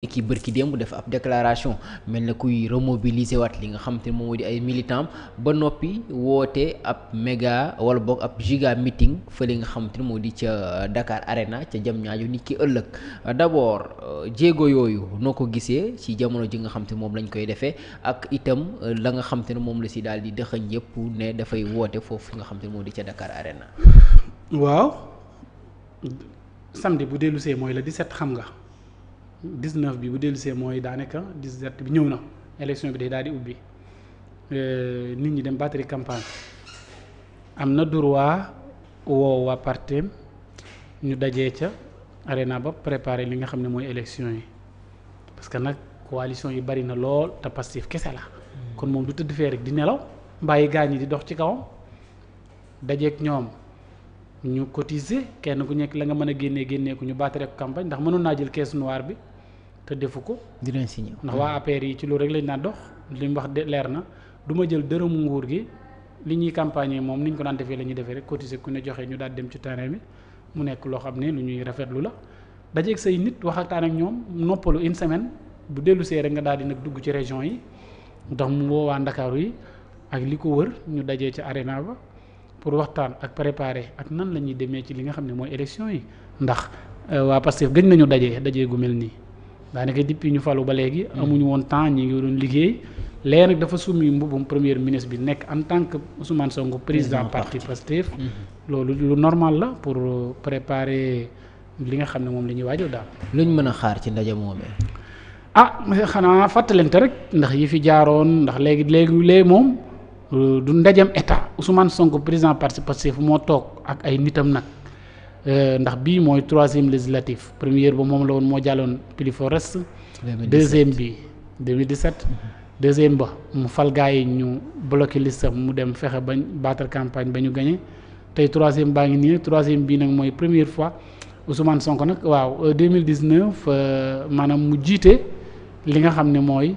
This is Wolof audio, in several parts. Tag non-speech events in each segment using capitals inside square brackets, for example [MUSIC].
ki bërki démb def ab déclaration mel na kuy remobiliser waat li nga xam ne moom di ay militant ba noppi woote ab méga wala boog ab giga meeting fële nga xam ne moo di ca Dakar Arena ca jam ñaajo nit ki ëllëg d'abord euh, jéego yooyu noo ko gisee ci jamono ji nga xam te moom lañ koy defee ak itam euh, la nga xam ne moom la si daal di dëxëñ yëpp ne dafay woote foofu nga xam te ne di ca Dakar Arena. waaw samedi bu dellusee mooy la 17 xam nga. 19 bi bu dellusee mooy daanaka 17 bi ñëw na élection bi de daal di ubbi euh, nit ñi dem battre campagne am na droit woo waa ñu dajee ca arena ba préparer li nga xam ne mooy élection yi parce que nag coalition yi bari na lool te Pastef kese la hmm. kon moom du tëdd fee rek di nelaw mbàyyi gaañ yi di dox ci kawam dajeek ñoom ñu cotiser kenn ku nekk la nga mën a génnee génnee ko ñu battre ko campagne ndax mënoon naa jël caisse noire bi te defu ko. dinañ si ndax waa APR yi ci loolu rek lañ naan dox li mu wax leer na duma ma jël dërëmu nguur gi li ñuy campagne moom ni ñu ko daan defee la ñuy defee rek cotiser ku ne joxe ñu daal dem ci terrain bi mu nekk loo xam ne lu ñuy rafetlu la dajeeg say nit waxataan ak ñoom noppalu une semaine bu dellu see rek nga daal di nag dugg ci région yi ndax mu woowaa Ndakaaru yi ak li ko wër ñu dajee ci arena ba pour waxtaan ak préparer ak nan la ñuy demee ci li nga xam ne mooy élection yi ndax euh, waa Pastef gëj nañu dajee dajee gu mel nii. daanaka depuis ñu falu ba léegi. Hmm. amuñu woon temps ñi ngi doon liggéey. léegi nag dafa summi mbubbum première ministre bi nekk en tant que Ousmane Sonko président parti Pastef. Hmm. loolu lu normal la pour euh, préparer li nga xam ne moom la ñuy waajal daal. luñ mën a xaar ci ndaje moomee. ah xanaa fàttalante rek ndax yi fi jaaroon ndax léegi léegi léegi moom euh, du ndajem état Ousmane Sonko président parti Pastef moo toog ak ay nitam nag. Euh, ndax bii mooy troisième législatif première ba moom la woon moo jàlloon plus fort reste deuxième bi 2017 mhm. deuxième ba mu fal yi ñu bloqué liste mu dem fexe ba battre campagne ba ñu gagné tey troisième baa ngi nii troisième bii nag mooy première fois Ousmane sonk nag waaw 2019 euh, euh, maanaam mu jiite li nga xam ne mooy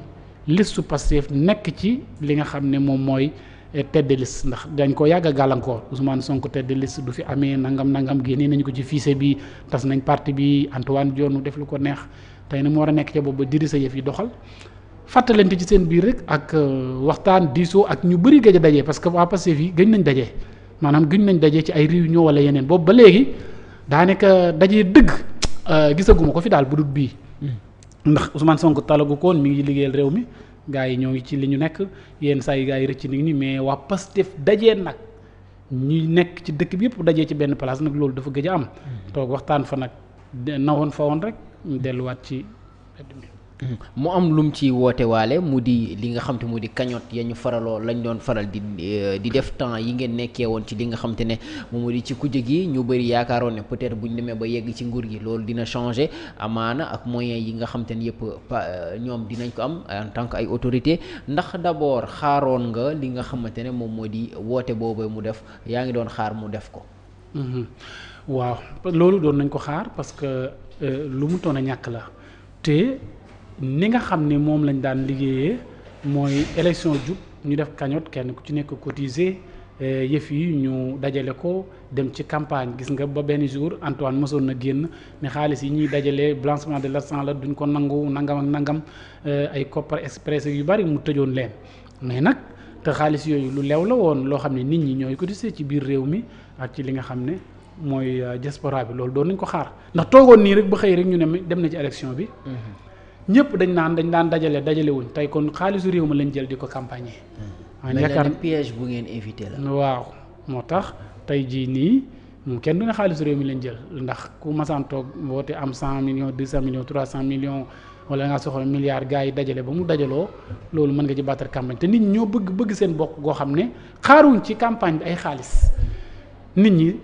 listu Pastef nekk ci li nga xam ne moom mooy Eh, tête de ndax dañ ko yàgg a gàllankoor sonk Sonko tête de du fi amee nangam nangam génnee nañ ko ci fichier bi tas nañ parti bi Antoine Diome def lu ko neex tey na mu war a nekk ca boobu ba diri sa yëf yi doxal fàttalante ci seen biir rek ak euh, waxtaan diisoo ak ñu bëri gëj dajee daje parce que waa Pastef yi gëj nañ dajee maanaam gëj nañ daje ci ay réunion wala yeneen boobu ba léegi daanaka daje dëgg euh, gisaguma ko fi daal bu bii. Hmm. ndax Ousmane sonk talagu koon mi ngi liggéeyal réew mi. gars yi ñoo ngi ci li ñu nekk yenn saa yi gars yi rëcc ni mais waa Pastef dajee nag ñi nekk ci dëkk bi yëpp dajee ci benn place nag loolu dafa gëj a am mm-hmm. toog waxtaan fa nag nawoon fa woon rek ñu delluwaat ci mu am lum ci woote mu di li nga xam te mu di cagnotte ya ñu faraloo lañ doon faral di eh, di def temps yi ngeen nekkee woon ci li nga xam te ne moom di ci kujje gi ñu bëri yaakaaroon ne peut-être bu ba yegg ci nguur gi loolu dina changer amaana ak moyens yi nga xam te ne yëpp eh, ñoom dinañ ko am en tant que ay autorité ndax d'abord xaaroon nga li nga xamante ne moom moo di woote boobu mu def yaa ngi doon xaar mu def ko. Mm-hmm. waaw loolu doon nañ ko xaar parce eh, lu mu toon a ñàkk la te. ni nga xam ne moom lañ daan liggéeyee mooy élection jub ñu def cagnotte kenn ku ci nekk cotiser eh, yëf yi ñu dajale ko dem ci campagne gis nga ba benn jour Antoine mosoon na génn ne xaalis yi ñuy dajale blancement de l'argent la duñ ko nangu nangam ak nangam eh, ay Kopar Express yu bari mu tëjoon leen mais nag te xaalis yooyu lu leew la woon loo xam ne nit ñi ñooy cotiser ci biir réew mi ak ci li nga xam ne mooy eh, diaspora bi loolu doon nañ ko xaar ndax toogoon nii rek ba xëy rek ñu ne dem na ci élection bi. Mm-hmm. ñëpp dañu naan dañ daan dajale dajale wuñ tey kon xaalisu réew mi lañ jël di ko campagne. Hmm. Ah, en bu ngeen éviter la. waaw moo tax tey jii nii moom kenn du ne xaalisu réew mi lañ jël ndax ku masaan toog woote am 100 millions 200 millions 300 millions wala nga soxla milliards gars yi dajale ba mu dajaloo loolu mën nga ci battre campagne te nit ñi ñoo bëgg bëgg seen bokk goo xam ne xaaruñ ci campagne bi ay xaalis nit ñi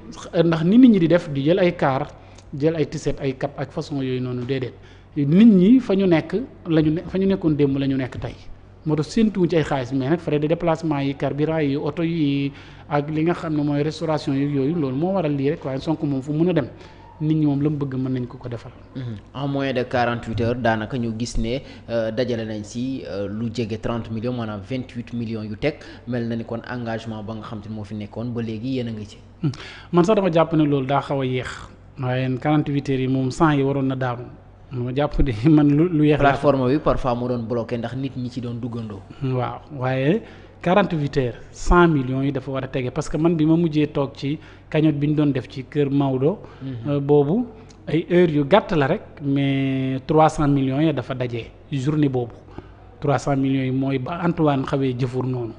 ndax ni nit ñi di def di jël ay car jël ay tiset ay cap ak façon yooyu noonu déedéet nit ñi fa ñu nekk la ñu fa ñu nekkoon démb la ñu nekk tey moo tax séentuwuñ ci ay xaalis mais nag frais de déplacement yi carburant yi oto yi ak li nga xam ne mooy restauration yi yooyu loolu moo waral lii rek waaye Sonko moom fu mun a dem nit ñi moom la mu bëgg mën nañ ko ko defal. Mhm. en moins de quarante huit heures daanaka ñu gis ne euh, dajale nañ si euh, lu jege trente millions maanaam vingt huit millions yu teg mel na ni kon engagement ba nga xam te moo fi nekkoon ba léegi yéen a ngi ci. Hmm. man daa xaw a waaye 48 heures yi moom 100 yi waroon na daanu ma jàpp de [LAUGHS] man lu lu yeex plateforme bi parfois mu doon bloqué ndax nit ñi ci doon duggandoo. Hmm, waaw waaye 48 heures cent millions yi dafa war a tege parce que man bi ma mujjee toog ci cagnotte bi ñu doon def ci kër Maodo. Mhm. Euh, boobu ay heures yu gàtt la rek mais trois cent millions yi dafa daje journée boobu trois 300 millions yi mooy ba Antoine xawee jëfur noonu.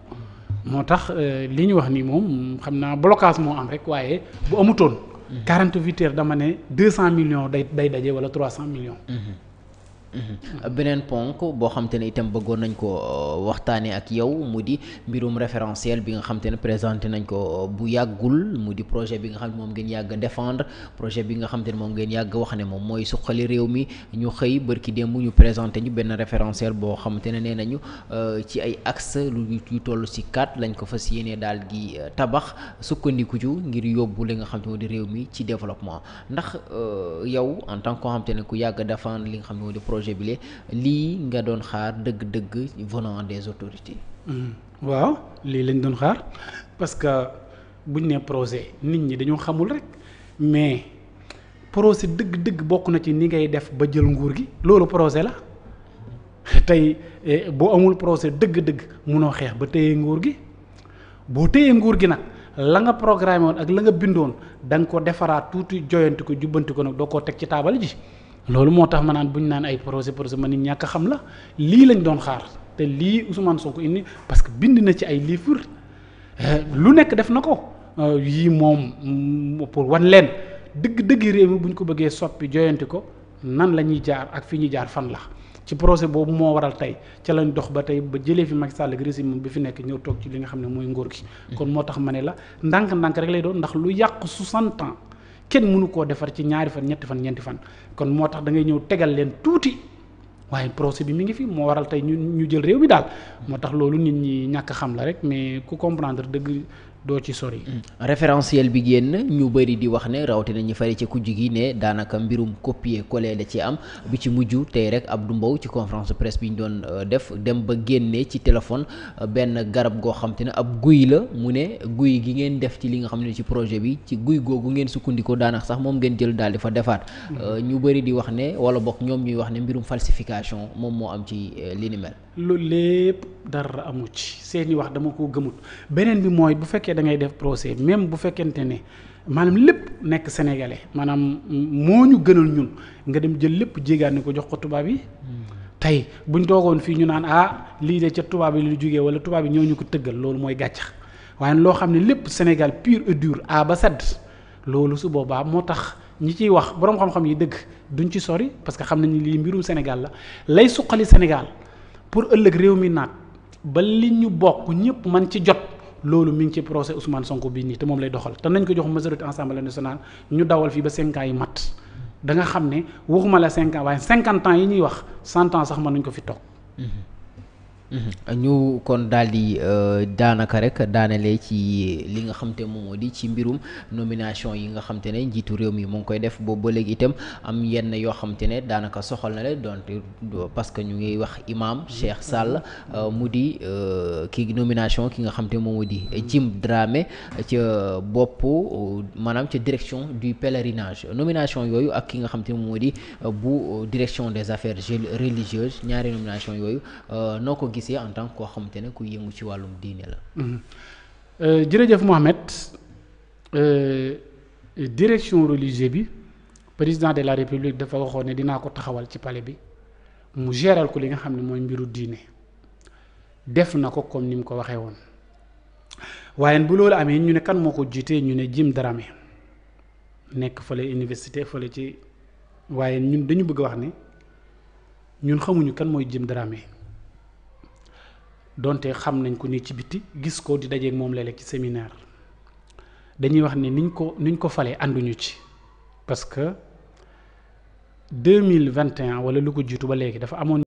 Mhm. moo tax euh, li ñu wax ni moom xam naa blocage moo am rek waaye bu amutoon. 48 heures dama ne 200 millions day day daje wala 300 millions. Mm-hmm. Mm-hmm. beneen ponk boo xam te ne itam bëggoon nañ ko euh, waxtaanee ak yow mu di mbirum référentiel bi nga xam te ne présenté nañ ko euh, bu yàggul mu di projet bi nga xam ne moom ngeen yàgg défendre projet bi nga xam te ne moom ngeen yàgg wax ne moom mooy suqali réew mi ñu xëy bërki démb ñu présenté ñu benn référentiel boo xam ne nee nañu euh, ci ay axe lu yu toll si quatre lañ ko fas yéenee daal gi tabax sukkandiku ju ngir yóbbu li nga xam te moo di réew mi ci développement ndax yow en tant que koo xam ku yàgg défendre li nga xam moo di projet projet bi lii nga doon xaar dëgg-dëgg venant des autorités. Hmm. waaw lii lañ doon xaar parce que buñ ne projet nit ñi dañoo xamul rek mais projet dëgg-dëgg bokk na ci ni ngay def ba jël nguur gi loolu projet la [LAUGHS] tey eh, boo amul projet dëgg-dëgg munoo xeex ba téye nguur gi boo téye nguur gi nag la nga programe woon ak la nga bindoon da nga ko defaraat tuuti joyanti ko jubbanti ko nag doo koo teg ci taabal ji. loolu moo tax ma naan bu ñu naan ay projet projet ma ni ñàkk xam la lii lañ doon xaar te lii Ousmane Sonko indi parce que bind na ci ay livre eh, lu nekk def na ko euh, yii moom mm, pour wan leen dëgg-dëgg réew mi bu ñu ko bëggee soppi joyanti ko nan la ñuy jaar ak fi ñuy jaar fan la ci projet boobu moo waral tey ca lañ dox ba tey ba jëlee fi Macky Sall moom bi fi nekk ñëw toog ci li nga xam ne mooy ngóor gi. Mm. kon moo tax ma ne la ndànk-ndànk rek lay doon ndax lu yàq 60 ans. kenn mënu koo defar ci ñaari fan ñetti fan ñeenti fan kon moo tax dangay ñëw tegal leen tuuti waaye procès bi mi ngi fi moo waral tey ñu ñu jël réew mi daal moo tax loolu nit ñi ñàkk xam la rek mais ku comprendre dëgg doo ci sori. référentiel bi génn ñu bëri di wax ne rawatina ñu fari ci kujj gi ne daanaka mbirum copier coller da ci am bi ci mujj tey rek Abdou Mbow ci conférence presse bi ñu doon euh, def dem ba génne ci téléphone euh, benn garab goo xam ne ab guy la mu ne guy gi ngeen def ci li nga xam ne ci projet bi ci guy googu ngeen sukkandikoo daanaka sax moom ngeen jël daal di fa defaat. Mm-hmm. Euh, ñu bëri di wax ne wala bokk ñoom ñuy wax ne mbirum falsification moom moo am ci li ni loolu lépp dara amu ci seeni wax dama ko gëmut beneen bi mooy bu fekkee da ngay def procès même bu fekkente ne maanaam lépp nekk sénégalais maanaam moo ñu gënal ñun nga dem jël lépp jéegaane ko jox ko tubaab yi. tey buñ toogoon fii ñu naan ah lii de ca tubaab yi lu jógee wala tubaab yi ñoo ñu ko tëggal loolu mooy gàccax waaye loo xam ne lépp Sénégal pur et dur a ba sedd loolu su boobaa moo tax ñi ciy wax boroom xam-xam yi dëgg duñ ci sori parce que xam nañu lii mbirum Sénégal la suqali Sénégal. pour ëllëg réew mi naat ba li ñu bokk ñëpp man ci jot loolu mi ngi ci procès usman Sonko bii nii te moom lay doxal te nañ ko jox majorité assemblée nationale ñu dawal fii ba cinq ans yi mat da nga xam ne waxuma la cinq ans waaye cinquante ans yi ñuy wax cent ans sax mën nañ ko fi toog mhm. Mm-hmm. ñu kon daal di euh, daanaka rek daanale ci li nga xam te moom moo di ci mbirum nomination yi nga xam ne njiitu réew mi mu ngi koy def boobu ba léegi itam am yenn yoo xam ne daanaka soxal na leen donte parce que ñu ngi wax imam Cheikh Sall euh, mu di euh, ki nomination ki nga xam te moom di Jim Dramé ca bopp maanaam ca direction du pèlerinage nomination yooyu ak ki nga xam te moo di bu direction des affaires religieuses ñaari nomination yooyu noo ko gis gisee en tant que koo xamante ne ku yëngu ci wàllum diine la. Mhm. Euh, jërëjëf Mohamed euh, direction religieuse bi président de la république dafa waxoon ne dinaa ko taxawal ci pale bi mu geral ko li nga xam ne mooy mbiru diine def na ko comme ni mu ko waxee woon waaye bu loolu amee ñu ne kan moo ko jiitee ñu ne Jim Dramé nekk fële université fële ci waaye ñun dañu bëgg a wax ne ñun xamuñu kan mooy Jim Dramé. donte xam nañ ko ni ci biti gis ko di dajeeg moom léeg-léeg ci séminaire dañuy wax ni niñ ko niñ ko falee ànduñu ci parce que 2021 wala lu ko jiitu ba léegi dafa amoon